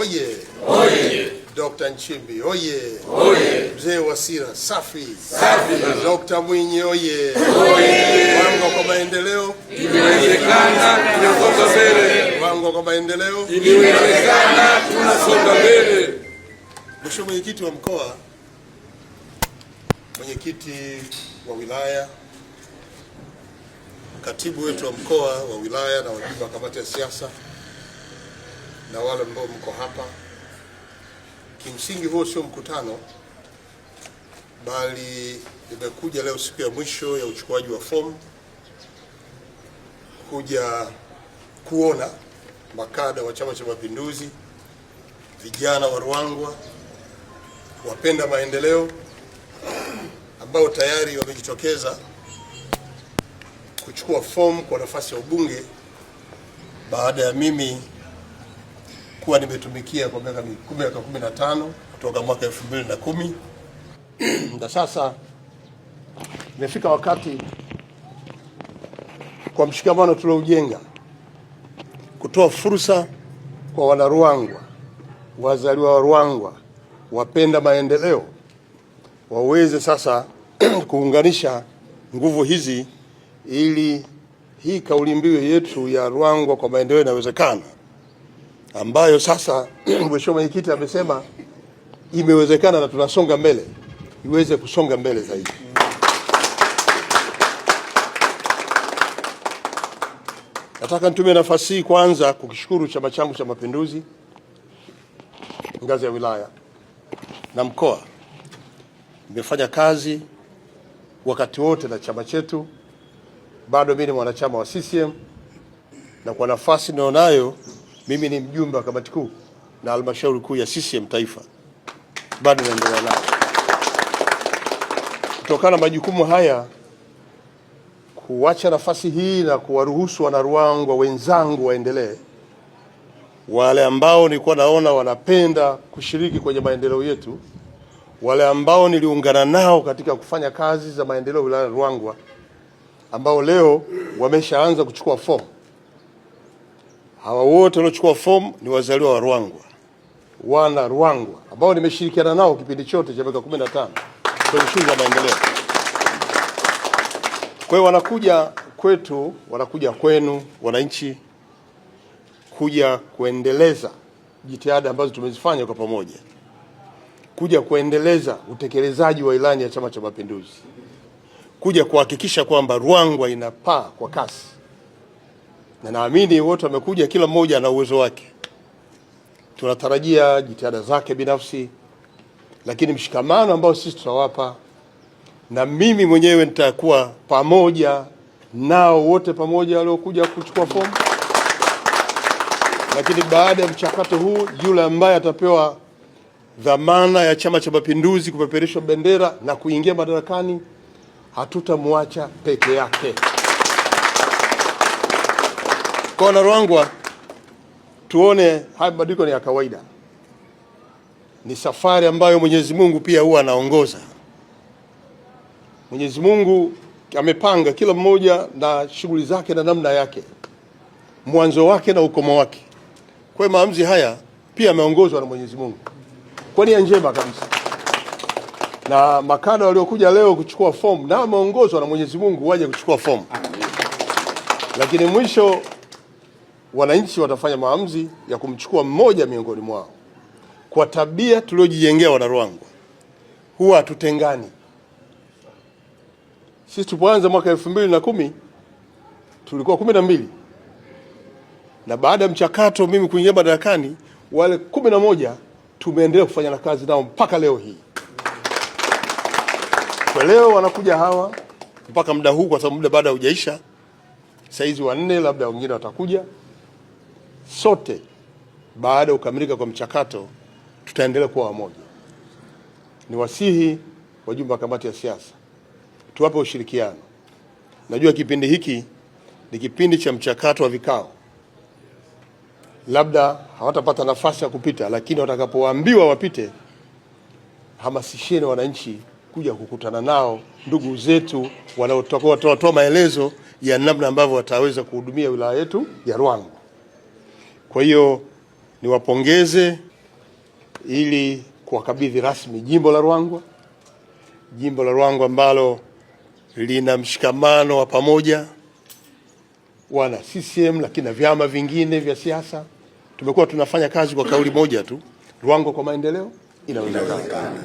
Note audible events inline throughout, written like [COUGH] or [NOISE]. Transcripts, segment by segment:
oye! Oye! Dr. Nchimbi oye! Oye! Mzee Wasira safi safi! Dr. Mwinyi oye! Oye! Wango kwa maendeleo inawezekana, tunasonga mbele. Wango kwa maendeleo inawezekana, tunasonga mbele. Mheshimiwa mwenyekiti wa mkoa, mwenyekiti wa wilaya, katibu wetu wa mkoa wa wilaya na wajumbe wa kamati ya siasa na wale ambao mko hapa. Kimsingi huo sio mkutano, bali nimekuja leo siku ya mwisho ya uchukuaji wa fomu kuja kuona makada wa Chama cha Mapinduzi, vijana wa Ruangwa, wapenda maendeleo ambao tayari wamejitokeza kuchukua fomu kwa nafasi ya ubunge baada ya mimi nilikuwa nimetumikia kwa miaka kumi na tano kutoka mwaka elfu mbili na kumi [CLEARS THROAT] na sasa imefika wakati kwa mshikamano tuloujenga kutoa fursa kwa Wanaruangwa, wazaliwa wa Ruangwa, wapenda maendeleo waweze sasa [CLEARS THROAT] kuunganisha nguvu hizi ili hii kauli mbiu yetu ya Ruangwa kwa maendeleo inawezekana ambayo sasa [CLEARS THROAT] mheshimiwa mwenyekiti amesema imewezekana na tunasonga mbele, iweze kusonga mbele zaidi. Nataka nitumie nafasi hii kwanza kukishukuru chama changu cha Mapinduzi ngazi ya wilaya na mkoa. Nimefanya kazi wakati wote na chama chetu, bado mimi ni mwanachama wa CCM na kwa nafasi ninayonayo mimi ni mjumbe wa kamati kuu na halmashauri kuu ya CCM taifa, bado naendelea nao. Kutokana na majukumu haya, kuacha nafasi hii na kuwaruhusu wanaruangwa wenzangu waendelee, wale ambao nilikuwa naona wanapenda kushiriki kwenye maendeleo yetu, wale ambao niliungana nao katika kufanya kazi za maendeleo wilaya Ruangwa, ambao leo wameshaanza kuchukua fomu Hawa wote waliochukua fomu ni wazaliwa wa Ruangwa, wana Ruangwa ambao nimeshirikiana nao kipindi chote cha miaka 15 kwenye shughuli za maendeleo. Kwa hiyo wanakuja kwetu, wanakuja kwenu, wananchi, kuja kuendeleza jitihada ambazo tumezifanya kwa pamoja, kuja kuendeleza utekelezaji wa ilani ya Chama cha Mapinduzi, kuja kuhakikisha kwamba Ruangwa inapaa kwa kasi na naamini wote wamekuja, kila mmoja ana uwezo wake. Tunatarajia jitihada zake binafsi, lakini mshikamano ambao sisi tutawapa, na mimi mwenyewe nitakuwa pamoja nao wote, pamoja waliokuja kuchukua fomu. Lakini baada ya mchakato huu, yule ambaye atapewa dhamana ya Chama cha Mapinduzi kupeperusha bendera na kuingia madarakani, hatutamwacha peke yake. Kwa Wanarwangwa, tuone haya mabadiliko ni ya kawaida, ni safari ambayo Mwenyezi Mungu pia huwa anaongoza. Mwenyezi Mungu amepanga kila mmoja na shughuli zake na namna yake, mwanzo wake na ukomo wake. Kwa hiyo maamuzi haya pia yameongozwa na Mwenyezi Mungu kwa nia njema kabisa, na makada waliokuja leo kuchukua fomu na ameongozwa na Mwenyezi Mungu waje kuchukua fomu, lakini mwisho wananchi watafanya maamuzi ya kumchukua mmoja miongoni mwao. Kwa tabia tuliojijengea wana Ruangwa, huwa hatutengani. Sisi tulipoanza mwaka elfu mbili na kumi tulikuwa kumi na mbili na baada ya mchakato mimi kuingia madarakani wale kumi na moja tumeendelea kufanya na kazi nao mpaka leo hii. Kwa leo wanakuja hawa mpaka muda huu, kwa sababu muda baada haujaisha. Saizi wanne, labda wengine watakuja sote baada ya kukamilika kwa mchakato tutaendelea kuwa wamoja. Ni wasihi wajumbe wa kamati ya siasa tuwape ushirikiano. Najua kipindi hiki ni kipindi cha mchakato wa vikao, labda hawatapata nafasi ya kupita, lakini watakapoambiwa wapite, hamasisheni wananchi kuja kukutana nao, ndugu zetu wanaotoa maelezo ya namna ambavyo wataweza kuhudumia wilaya yetu ya Ruangwa. Kwa hiyo niwapongeze ili kuwakabidhi rasmi jimbo la Ruangwa, jimbo la Ruangwa ambalo lina mshikamano wa pamoja wana CCM lakini na vyama vingine vya siasa. Tumekuwa tunafanya kazi kwa kauli moja tu, Ruangwa kwa maendeleo inawezekana,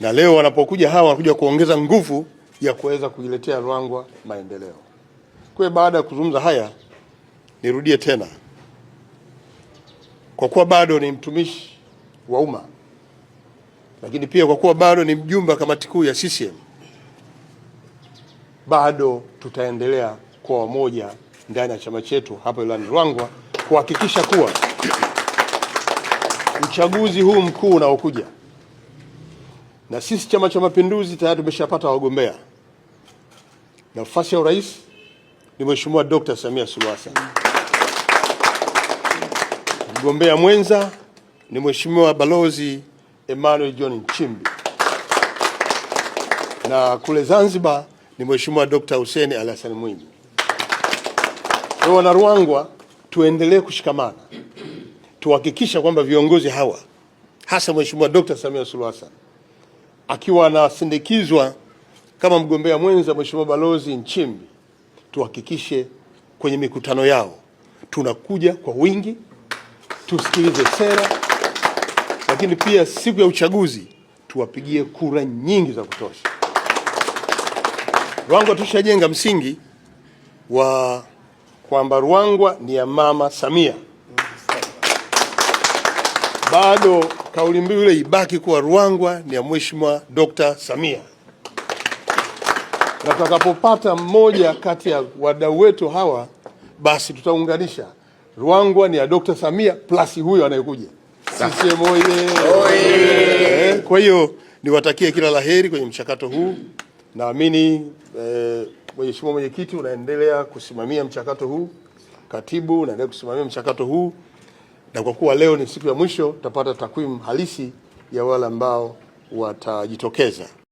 na leo wanapokuja hawa wanakuja kuongeza nguvu ya kuweza kuiletea Ruangwa maendeleo. Kwa baada ya kuzungumza haya, nirudie tena kwa kuwa bado ni mtumishi wa umma, lakini pia kwa kuwa bado ni mjumbe wa kamati kuu ya CCM, bado tutaendelea kwa wamoja ndani ya chama chetu hapa wilayani Ruangwa kuhakikisha kuwa uchaguzi huu mkuu unaokuja, na sisi Chama cha Mapinduzi tayari tumeshapata wagombea. Nafasi ya urais ni Mheshimiwa Dr. Samia Suluhu Hassan. Mgombea mwenza ni Mheshimiwa Balozi Emmanuel John Nchimbi na kule Zanzibar ni Mheshimiwa Dr. Hussein Ali Hassan Mwinyi. Kwa wana Ruangwa, tuendelee kushikamana, tuhakikisha kwamba viongozi hawa hasa Mheshimiwa Dr. Samia Suluhu Hassan akiwa anasindikizwa kama mgombea mwenza Mheshimiwa Balozi Nchimbi, tuhakikishe kwenye mikutano yao tunakuja kwa wingi tusikilize sera, lakini pia siku ya uchaguzi tuwapigie kura nyingi za kutosha. Ruangwa tushajenga msingi wa kwamba Ruangwa ni ya Mama Samia. Bado kauli mbiu ile ibaki kuwa Ruangwa ni ya Mheshimiwa Dr. Samia, na tutakapopata mmoja kati ya wadau wetu hawa, basi tutaunganisha Ruangwa ni ya Dr. Samia plus huyo anayekuja. CCM oye! Eh? Kwa hiyo niwatakie kila laheri kwenye mchakato huu. Naamini eh, Mheshimiwa Mwenyekiti unaendelea kusimamia mchakato huu, katibu unaendelea kusimamia mchakato huu, na kwa kuwa leo ni siku ya mwisho, tutapata takwimu halisi ya wale ambao watajitokeza.